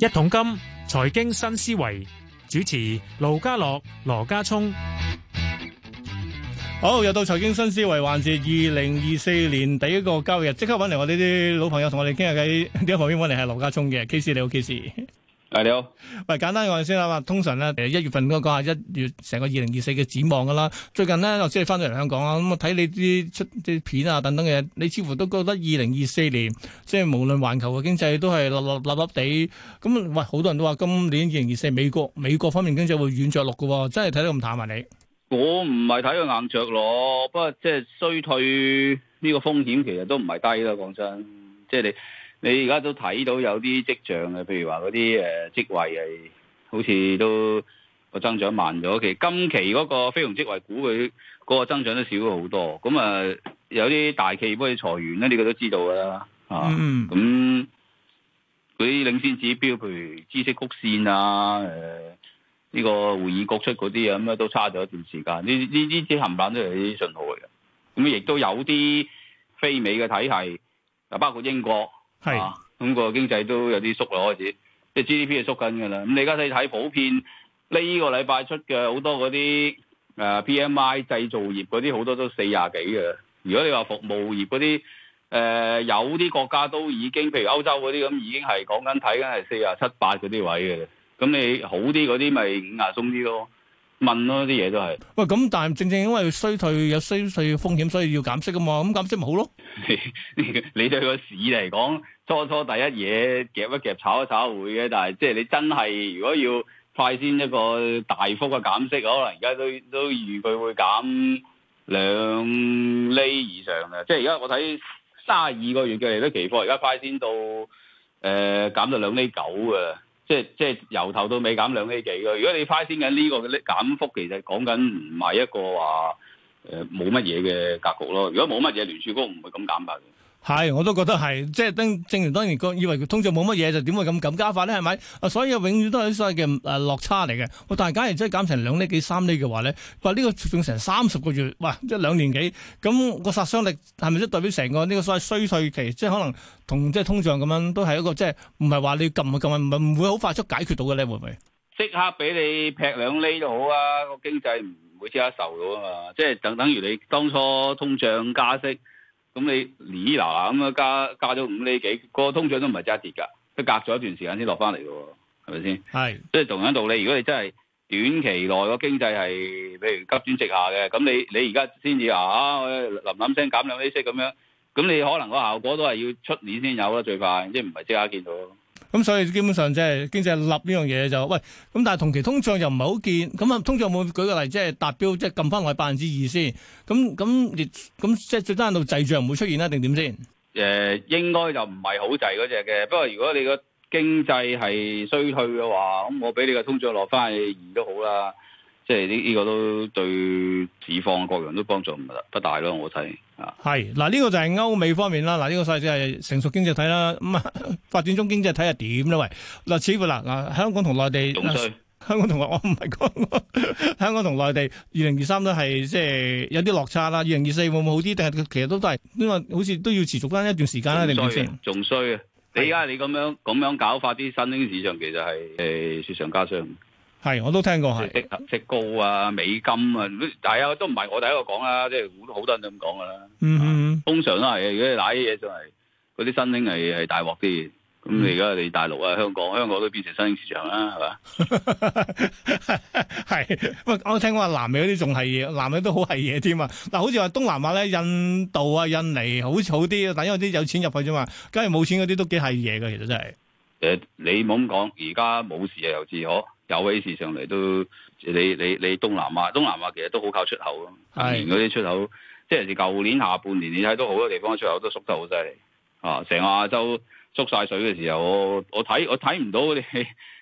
一桶金財經新思維，主持盧家樂、羅家聰。好，又到財經新思維，環節二零二四年第一個交易日，即刻揾嚟，我哋啲老朋友同我哋傾下偈。呢邊，旁邊揾嚟係羅家聰嘅？K C 你好，K C。誒，你好，喂，簡單講我先啦，通常咧，誒，一月份嗰個一月成個二零二四嘅展望噶啦，最近咧，即係翻到嚟香港啦，咁我睇你啲出啲片啊等等嘅嘢，你似乎都覺得二零二四年即係無論環球嘅經濟都係立立立立地，咁喂，好多人都話今年二零二四美國美國方面經濟會軟着陸嘅，真係睇得咁淡啊，你？我唔係睇佢硬着落，不過即係衰退呢個風險其實都唔係低啦，講真，即係你。你而家都睇到有啲跡象嘅，譬如話嗰啲誒職位係好似都個增長慢咗。其實今期嗰個非農職位股佢嗰個增長都少咗好多。咁啊、呃、有啲大企開始裁員咧，呢、這個都知道㗎啦。啊，咁嗰啲領先指標，譬如孳息曲線啊，誒、呃、呢、這個會議局出嗰啲啊，咁啊都差咗一段時間。呢呢呢啲冚唪唥都係啲信號嚟嘅。咁亦都有啲非美嘅體系，啊包括英國。係，咁是、啊個經濟都有啲縮啦開始，即係 GDP 係縮緊噶啦。咁你而家睇睇普遍呢個禮拜出嘅好多嗰啲誒、uh, PMI 製造業嗰啲好多都四廿幾嘅。如果你話服務業嗰啲，誒、呃、有啲國家都已經，譬如歐洲嗰啲咁，已經係講緊睇緊係四廿七八嗰啲位嘅。咁你好啲嗰啲咪五廿鬆啲咯。問咯啲嘢都係，喂咁但係正正因為衰退有衰退風險，所以要減息噶嘛，咁減息咪好咯？ 你對個市嚟講，初初第一嘢夾一夾炒一炒會嘅，但係即係你真係如果要快先一個大幅嘅減息，可能而家都都預佢會減兩厘以上嘅。即係而家我睇三十二個月嘅嚟都期貨，而家快先到誒、呃、減到兩厘九嘅。即係即係由頭到尾減兩釐幾嘅。如果你批先緊呢、這個嘅減、這個、幅，其實講緊唔係一個話誒冇乜嘢嘅格局咯。如果冇乜嘢，聯儲局唔會咁減法。係，我都覺得係，即係當正如當年佢以為通脹冇乜嘢，就點會咁撳加法咧？係咪？所以永遠都係啲所謂嘅誒落差嚟嘅。但係假如真係減成兩厘幾、三厘嘅話咧，哇！呢個仲成三十個月，哇！即係兩年幾，咁個殺傷力係咪即係代表成個呢個所謂衰退期？即係可能同即係通脹咁樣，都係一個即係唔係話你撳去撳去唔唔會好快速解決到嘅咧？會唔會？即刻俾你劈兩厘都好啊！個經濟唔會即刻受到啊嘛！即係等等於你當初通脹加息。咁你年依嗱嗱咁啊加加咗五厘幾，個通脹都唔係即刻跌㗎，都隔咗一段時間先落翻嚟嘅喎，係咪先？係，即係同樣道理，如果你真係短期內個經濟係譬如急轉直下嘅，咁你你而家先至啊，諗諗聲減兩厘息咁樣，咁你可能個效果都係要出年先有啦，最快，即係唔係即刻見到。咁、嗯、所以基本上即係經濟立呢樣嘢就喂咁，但係同期通脹又唔係好見，咁啊通脹會唔會舉個例即係達標，即係撳翻落去百分之二先。咁咁亦咁即係最低限度滯脹會唔會出現啊？定點先？誒、呃，應該就唔係好滯嗰隻嘅。不過如果你個經濟係衰退嘅話，咁我俾你個通脹落翻去二都好啦。即係呢呢個都對指放各樣都幫助唔得不大咯，我睇啊。係嗱，呢、這個就係歐美方面啦。嗱，呢個世界係成熟經濟體啦。咁、嗯、啊，發展中經濟體係點咧？喂，嗱，似乎，嗱嗱，香港同內地仲衰壞、啊。香港同內，我唔係講香港同內地。二零二三都係即係有啲落差啦。二零二四會唔會好啲？定係其實都都係因為好似都要持續翻一段時間啦。點先壞？仲衰啊！你而家你咁樣咁樣搞法啲新興市場，其實係誒雪上加霜。係，我都聽過係，即係即高啊，美金啊，但係啊，都唔係我第一個講啦，即係好多人都咁講噶啦。嗯， 通常都係，如果你打啲嘢，就係嗰啲新興係係大鑊啲，咁你而家你大陸啊，香港，香港都變成新興市場啦，係嘛？係， 我聽講話南美嗰啲仲係嘢，南美都好係嘢添啊。嗱，好似話東南亞咧，印度啊、印尼好好啲，但係因為啲有，有錢入去啫嘛，梗係冇錢嗰啲都幾係嘢噶，其實真、就、係、係。誒、呃，你冇咁講，而家冇事又自可，有位事上嚟都，你你你東南亞，東南亞其實都好靠出口咯，年嗰啲出口，即係舊年下半年你睇到好多地方出口都縮得好犀利，啊，成個亞洲縮晒水嘅時候，我我睇我睇唔到你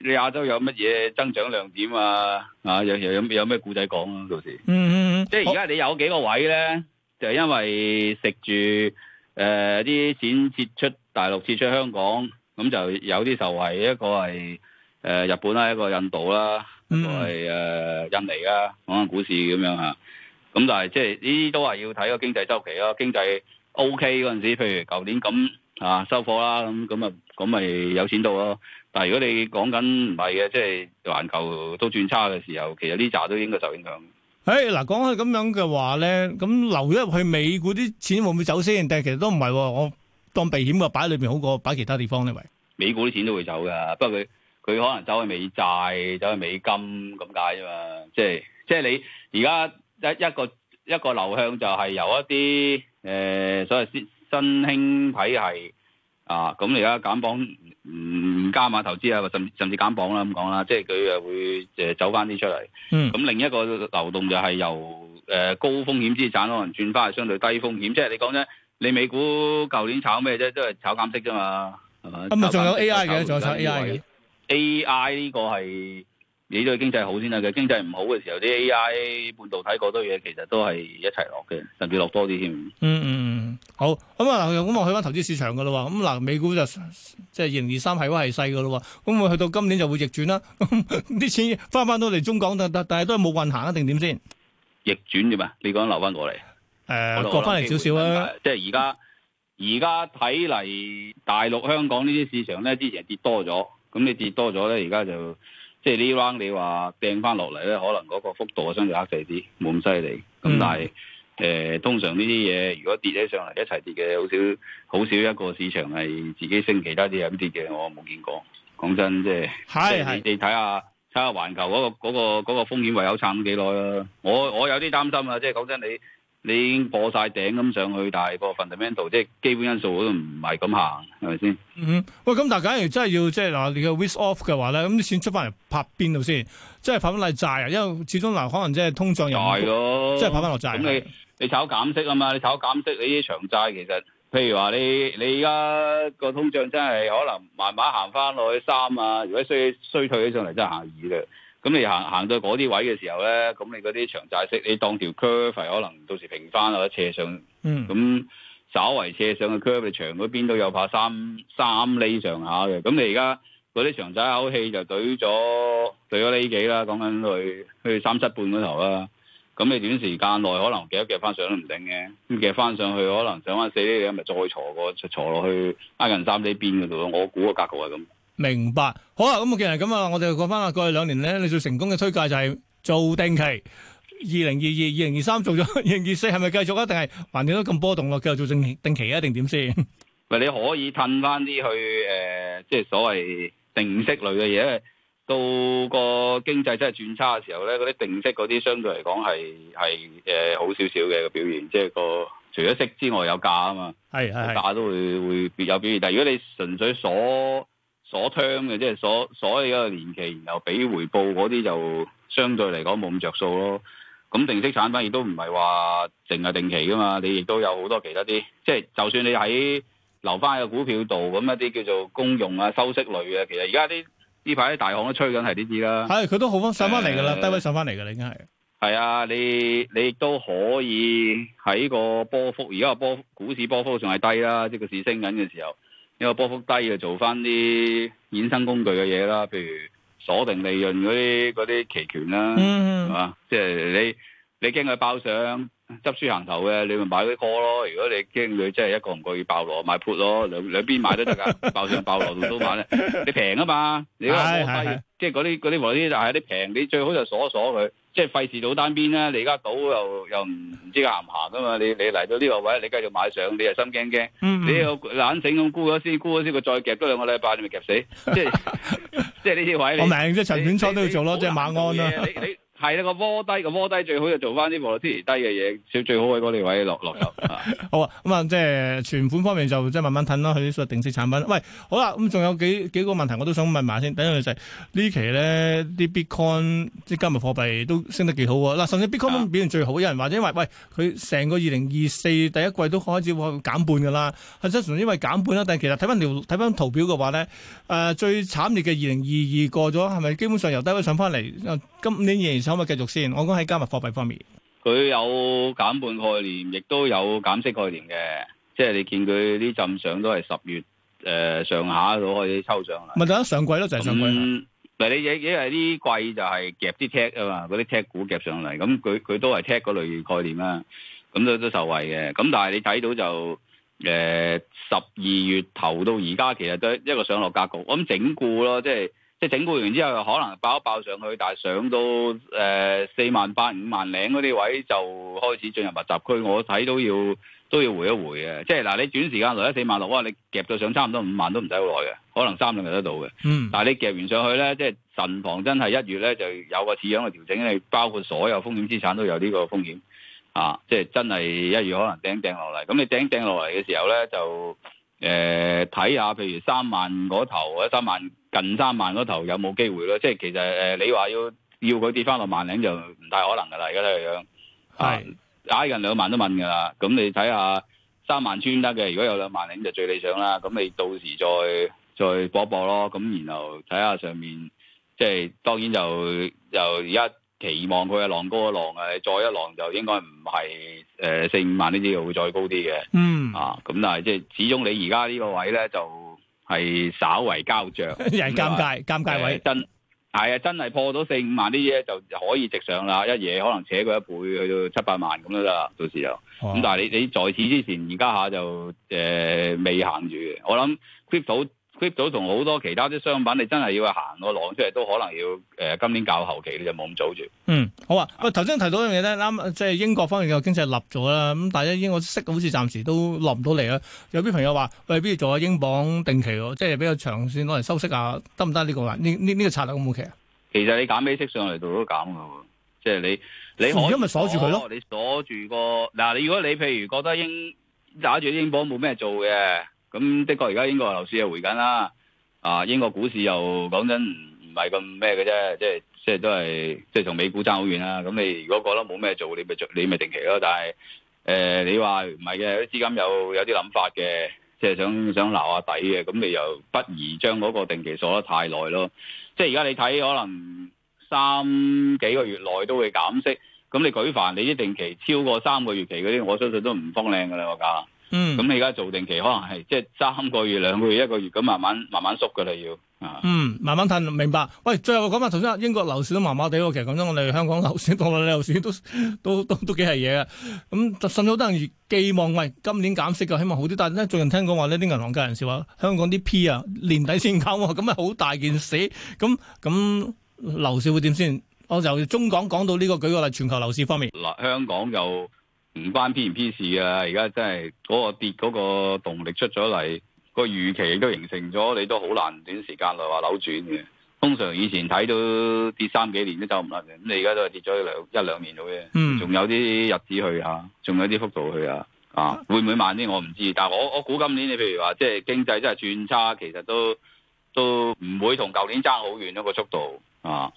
你亞洲有乜嘢增長亮點啊，啊，有有有咩古仔講啊，到時，嗯嗯，嗯即係而家你有幾個位咧，就係、因為食住誒啲錢撤出大陸，撤出香港。咁就有啲受惠，一個係誒、呃、日本啦，一個印度啦，一個係、呃、印尼啦，講、啊、緊股市咁樣嚇。咁、啊、但係即係呢啲都係要睇個經濟周期咯、啊。經濟 O K 嗰陣時，譬如舊年咁啊收貨啦，咁咁啊咁咪有錢到咯。但係如果你講緊唔係嘅，即係環球都轉差嘅時候，其實呢扎都應該受影響。誒嗱、哎，講開咁樣嘅話咧，咁留咗入去美股啲錢會唔會走先？但係其實都唔係喎，我。當避險啊，擺喺裏邊好過擺其他地方咧。位美股啲錢都會走噶，不過佢佢可能走去美債、走去美金咁解啫嘛。即係即係你而家一一個一個流向就係由一啲誒、呃、所謂新新興體系啊，咁你而家減磅唔加碼投資啊，或甚甚至減磅啦咁講啦。即係佢誒會誒走翻啲出嚟。咁、嗯、另一個流動就係由誒、呃、高風險資產可能轉翻係相對低風險。即係你講咧。你美股舊年炒咩啫？都係炒減息啫嘛，係嘛？咁啊，仲有 A I 嘅，仲有炒 A I 嘅。A I 呢個係你對經濟好先得嘅，經濟唔好嘅時候，啲 A I 半導體嗰堆嘢其實都係一齊落嘅，甚至落多啲添。嗯嗯嗯，好。咁啊，咁我去翻投資市場噶啦。咁嗱，美股就即係二零二三係威係勢噶啦。咁我去到今年就會逆轉啦。啲 錢翻翻到嚟中港得，但係都係冇運行啊？定點先？逆轉點嘛，你講留翻過嚟。誒、嗯，過翻嚟少少啦，即係而家而家睇嚟，大陸香港呢啲市場咧，之前跌多咗，咁你跌多咗咧，而家就即係呢 round 你話掟翻落嚟咧，可能嗰個幅度相對細啲，冇咁犀利。咁但係誒，通常呢啲嘢，如果跌起上嚟一齊跌嘅，好少，好少一個市場係自己升，其他啲又跌嘅，我冇見過。講真，即係係你睇下睇下環球嗰個嗰個嗰個風險，唯有撐幾耐啦。我我有啲擔心啊，即係講真你。你已經破晒頂咁上去，大部分嘅 fundamental 即係基本因素都唔係咁行，係咪先？嗯，喂，咁大家假如真係要即係嗱，你嘅 risk off 嘅話咧，咁啲錢出翻嚟拍邊度先？即係拍翻嚟債啊！因為始終嗱，可能即係通脹又係囉，即係拍翻落債。咁你你炒減息啊嘛？你炒減息你，你啲長債其實，譬如話你你依家個通脹真係可能慢慢行翻落去三啊，如果衰衰退起上嚟，真係下雨嘅。咁你行行到嗰啲位嘅時候咧，咁你嗰啲長債息，你當條 curve 可能到時平翻啊，或者斜上，咁、嗯、稍為斜上嘅 curve 嘅長嗰邊都有怕三三厘上下嘅。咁你而家嗰啲長債口氣就對咗對咗呢幾啦，講緊去去、去三七半嗰頭啦。咁你短時間內可能夾一夾翻上都唔定嘅，咁夾翻上去可能上翻四厘，咁咪再挫過就挫落去挨近三厘邊嗰度，我估個格局係咁。明白，好啦，咁我見係咁啊，我哋講翻啊，過去兩年咧，你最成功嘅推介就係做定期。二零二二、二零二三做咗，二零二四係咪繼續啊？定係橫掂都咁波動咯？繼續做正定期啊？定點先？唔係你可以褪翻啲去誒，即係所謂定息類嘅嘢咧。到個經濟真係轉差嘅時候咧，嗰啲定息嗰啲相對嚟講係係誒好少少嘅表現。即係個除咗息之外有價啊嘛，係係價都會會有表現。但係如果你純粹鎖。所聽嘅即係所所以一年期，然後俾回報嗰啲就相對嚟講冇咁着數咯。咁、嗯、定息產品亦都唔係話淨係定期噶嘛，你亦都有好多其他啲，即係就算你喺留翻喺個股票度，咁一啲叫做公用啊、收息類嘅，其實而家啲呢排啲大行都吹緊係呢啲啦。係，佢都好翻上翻嚟噶啦，呃、低位上翻嚟噶啦，已經係。係啊，你你亦都可以喺個波幅，而家個波股市波幅仲係低啦，即係個市升緊嘅時候。因為波幅低嘅做翻啲衍生工具嘅嘢啦，譬如鎖定利潤嗰啲嗰啲期權啦，係嘛、嗯？即係你你驚佢爆上執輸行頭嘅，你咪買啲 call 咯。如果你驚佢真係一個唔覺意爆落，買 put 咯，兩兩邊買都得噶。 爆上爆落都都買咧，你平啊嘛，你個波低，即係嗰啲嗰啲嗰啲就係啲平，你最好就鎖一鎖佢。即係費事賭單邊啦，你而家賭又又唔唔知啱唔啱噶嘛？你你嚟到呢個位，你繼續買上，你又心驚驚。嗯嗯你又懶醒咁沽咗先，沽咗先，佢再夾多兩個禮拜，你咪夾死。即係 即係呢啲位你，我明即係長短倉都要做咯，你你即係馬鞍啦、啊。你你。係啦，個窩低、個窩低，最低，最好就做翻啲無息期低嘅嘢，最最好係嗰啲位落落入。 好啊，咁、嗯、啊，即係存款方面就即係慢慢揼啦，佢啲所定息產品。喂，好啦、啊，咁、嗯、仲有幾幾個問題我都想問埋先。第一樣就係、是、呢期咧，啲 Bitcoin 即係加密貨幣都升得幾好啊！嗱，甚至 Bitcoin 表現最好，有人話，因為喂佢成個二零二四第一季都開始減半㗎啦。係真係因為減半啦，但係其實睇翻條睇翻圖表嘅話咧，誒、呃、最慘烈嘅二零二二過咗，係咪基本上由低位上翻嚟？今年仍然可唔可以繼續先？我講喺加密貨幣方面，佢有減半概念，亦都有減息概念嘅。即係你見佢啲浸上都係十月誒、呃、上下都可以抽上嚟。問緊上季咯，就係上季。嗱，你亦因為呢季就係夾啲 tag 啊嘛，嗰啲 tag 股夾上嚟，咁佢佢都係 tag 嗰類概念啦、啊。咁都都受惠嘅。咁但係你睇到就誒十二月頭到而家，其實都一個上落格局。我諗整固咯，即係。即係整固完之後，可能爆一爆上去，但係上到誒四萬八五萬零嗰啲位就開始進入密集區。我睇都要都要回一回嘅。即係嗱，你短時間來到四萬六，你夾到上差唔多五萬都唔使好耐嘅，可能三兩日得到嘅。嗯，但係你夾完上去咧，即係神房真係一月咧就有個似樣嘅調整，你包括所有風險資產都有呢個風險啊！即係真係一月可能掟掟落嚟。咁你掟掟落嚟嘅時候咧，就誒睇下，譬如三萬嗰頭或者三萬。近三萬嗰頭有冇機會咧？即係其實誒、呃，你話要要佢跌翻落萬零就唔太可能噶啦，而家都係一樣，係挨是、啊、近兩萬都問噶啦。咁你睇下三萬穿得嘅，如果有兩萬零就最理想啦。咁你到時再再搏搏咯。咁然後睇下上面，即係當然就就而家期望佢係浪高一浪啊，再一浪就應該唔係誒四五萬呢啲又會再高啲嘅。嗯，啊咁，但係即係始終你而家呢個位咧就。係稍為交漲，啲 人尷尬，尷尬位真係啊！是真係是破到四五萬啲嘢就可以直上啦，啊、一嘢可能扯佢一倍去到七八萬咁啦啦，到時又咁。但係你你在此之前，而家下就誒、呃、未行住嘅，我諗 crypto。k e 到同好多其他啲商品，你真係要行個浪出嚟，都可能要誒、呃、今年較後期你就冇咁早住。嗯，好啊。喂、呃，頭先提到一樣嘢咧，啱即係英國方面嘅經濟立咗啦，咁但家英國息好似暫時都落唔到嚟啊。有啲朋友話：喂，不如做下英鎊定期喎，即係比較長線攞嚟收息下行行啊，得唔得呢個啊？呢呢呢個策略好唔好？OK 啊？其實你減咩息上嚟，度都減噶，即係你，你而家咪鎖住佢咯。你鎖住個嗱、啊，如果你譬如覺得英打住英鎊冇咩做嘅。咁的確，而家英國樓市又回緊啦、啊，啊英國股市又講真唔唔係咁咩嘅啫，即係即係都係即係同美股爭好遠啦、啊。咁你如果覺得冇咩做，你咪你咪定期咯。但係誒、呃、你話唔係嘅，啲資金又有啲諗法嘅，即、就、係、是、想想留下底嘅，咁你又不宜將嗰個定期鎖得太耐咯。即係而家你睇可能三幾個月內都會減息，咁你舉凡你啲定期超過三個月期嗰啲，我相信都唔方靚嘅啦個價。我嗯，咁你而家做定期可能係即係三個月、兩個月、一個月咁慢慢慢慢縮噶啦要啊，嗯，慢慢褪明白。喂，最後講返，頭先英國樓市都麻麻地喎，其實咁樣我哋香港樓市同個樓市都都都都幾係嘢嘅。咁、嗯、甚至好多人寄望喂今年減息嘅，希望好啲。但係咧最近聽講話呢啲銀行界人士話香港啲 P 啊，年底先減、啊，咁啊好大件事。咁咁樓市會點先？我就中港講到呢、這個，舉個例，全球樓市方面，嗱，香港就。唔關 P 唔 P 事啊！而家真係嗰個跌嗰個動力出咗嚟，個預期亦都形成咗，你都好難短時間內話扭轉嘅。通常以前睇到跌三幾年都走唔甩嘅，咁你而家都係跌咗兩一兩年到啫，仲有啲日子去吓，啊，仲有啲幅度去啊！啊，會唔會慢啲？我唔知，但係我我估今年你譬如話，即係經濟真係轉差，其實都都唔會同舊年差好遠咯個速度啊！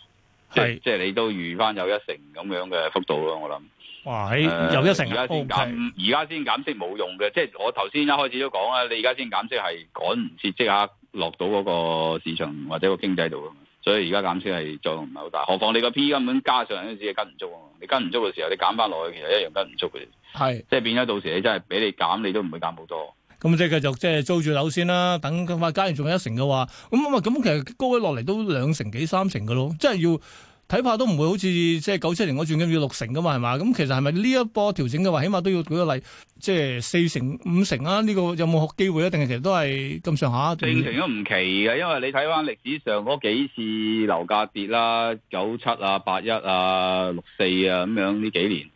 是即係即係你都預翻有一成咁樣嘅幅度咯，我諗。哇！喺又一成，而家先減，而家先減息冇用嘅，即係我頭先一開始都講啦。你而家先減息係趕唔切，即刻落到嗰個市場或者個經濟度啊嘛。所以而家減息係作用唔係好大，何況你個 P 根本加上嗰陣時跟唔足啊！你跟唔足嘅時候，你減翻落去其實一樣跟唔足嘅。係。是即係變咗，到時你真係俾你減，你都唔會減好多。咁即係繼續即係租住樓先啦。等咁快加完仲有一成嘅話，咁咁其實高咗落嚟都兩成幾三成嘅咯，即係要。睇怕都唔會好似即係九七年嗰轉咁要六成噶嘛，係嘛？咁、嗯、其實係咪呢一波調整嘅話，起碼都要舉個例，即係四成五成啊？呢、呢個有冇機會啊？定係其實都係咁上下？正常都唔奇嘅，因為你睇翻歷史上嗰幾次樓價跌啦，九七啊、八一啊、六四啊咁樣呢幾年，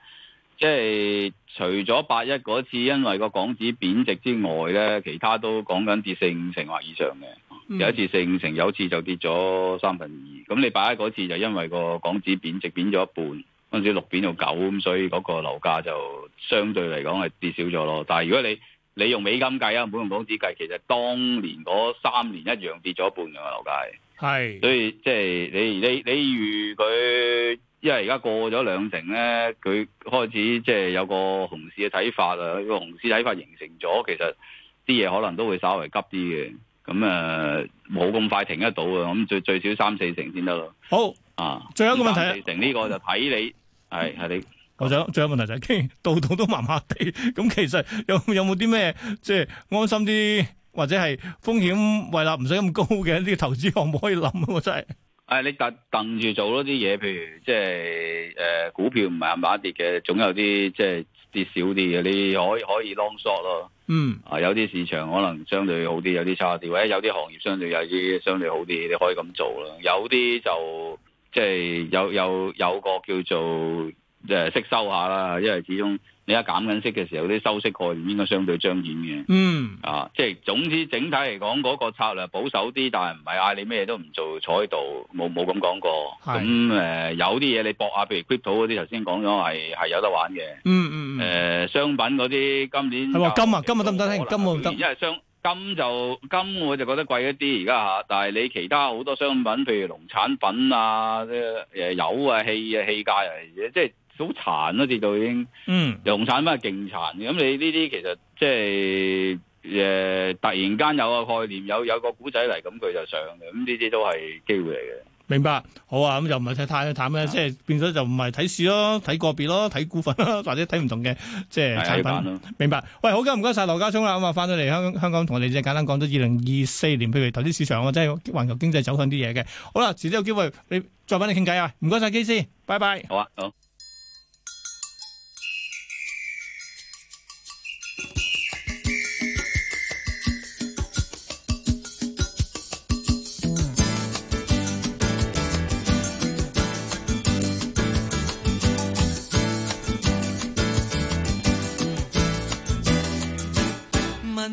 即係除咗八一嗰次因為個港紙貶值之外咧，其他都講緊跌四五成或以上嘅。嗯、有一次四五成，有一次就跌咗三分二。咁你擺喺嗰次就因為個港紙貶值貶咗一半，跟住六貶到九，咁所以嗰個樓價就相對嚟講係跌少咗咯。但係如果你你用美金計啊，唔好用港紙計，其實當年嗰三年一樣跌咗一半嘛，樓價。係是，所以即係、就是、你你你預佢，因為而家過咗兩成咧，佢開始即係、就是、有個熊市嘅睇法啊，個熊市睇法形成咗，其實啲嘢可能都會稍為急啲嘅。咁啊，冇咁快停得到啊，咁最最少三四成先得咯。好啊，最後一個問題啊，成呢個就睇你，係係你。我想，最後問題就係，傾到度度都麻麻地，咁其實有有冇啲咩，即係安心啲，或者係風險位立唔使咁高嘅啲投資項目可以諗啊！我真係。誒，你特蹬住做多啲嘢，譬如即係誒，股票唔係麻麻跌嘅，總有啲即係跌少啲嘅，你可以可以 long short 咯。嗯，啊、mm. 有啲市場可能相對好啲，有啲差啲，或者有啲行業相對有啲相對好啲，你可以咁做啦。有啲就即係、就是、有有有個叫做即係識收下啦，因為始終。你而家減緊息嘅時候，啲收息概念應該相對彰顯嘅。嗯。啊，即係總之整體嚟講，嗰個策略保守啲，但係唔係嗌你咩都唔做，坐喺度冇冇咁講過。咁誒的，有啲嘢你搏下，譬如 Crypto 嗰啲頭先講咗係係有得玩嘅。嗯嗯嗯、呃。商品嗰啲今年吧。係話金啊？金啊得唔得？聽金啊唔得。因為商金就金我就覺得貴一啲而家嚇，但係你其他好多商品，譬如農產品啊，啲、呃、誒油啊、氣啊、氣價嚟即係。即好殘咯，直、啊、到已經。產殘嗯。量產翻係勁殘，咁你呢啲其實即係誒，突然間有個概念，有有個古仔嚟，咁佢就上嘅。咁呢啲都係機會嚟嘅。明白好啊，咁就唔係睇太淡咧，即係、啊、變咗就唔係睇市咯，睇個別咯，睇股份或者睇唔同嘅即係產品。明白。喂，好嘅，唔該晒羅家聰啦。咁啊，翻到嚟香香港同我哋即係簡單講咗二零二四年，譬如投資市場即係環球經濟走向啲嘢嘅。好啦、啊，遲啲有機會你再搵你傾偈啊。唔該晒，機師，拜拜。好啊，好。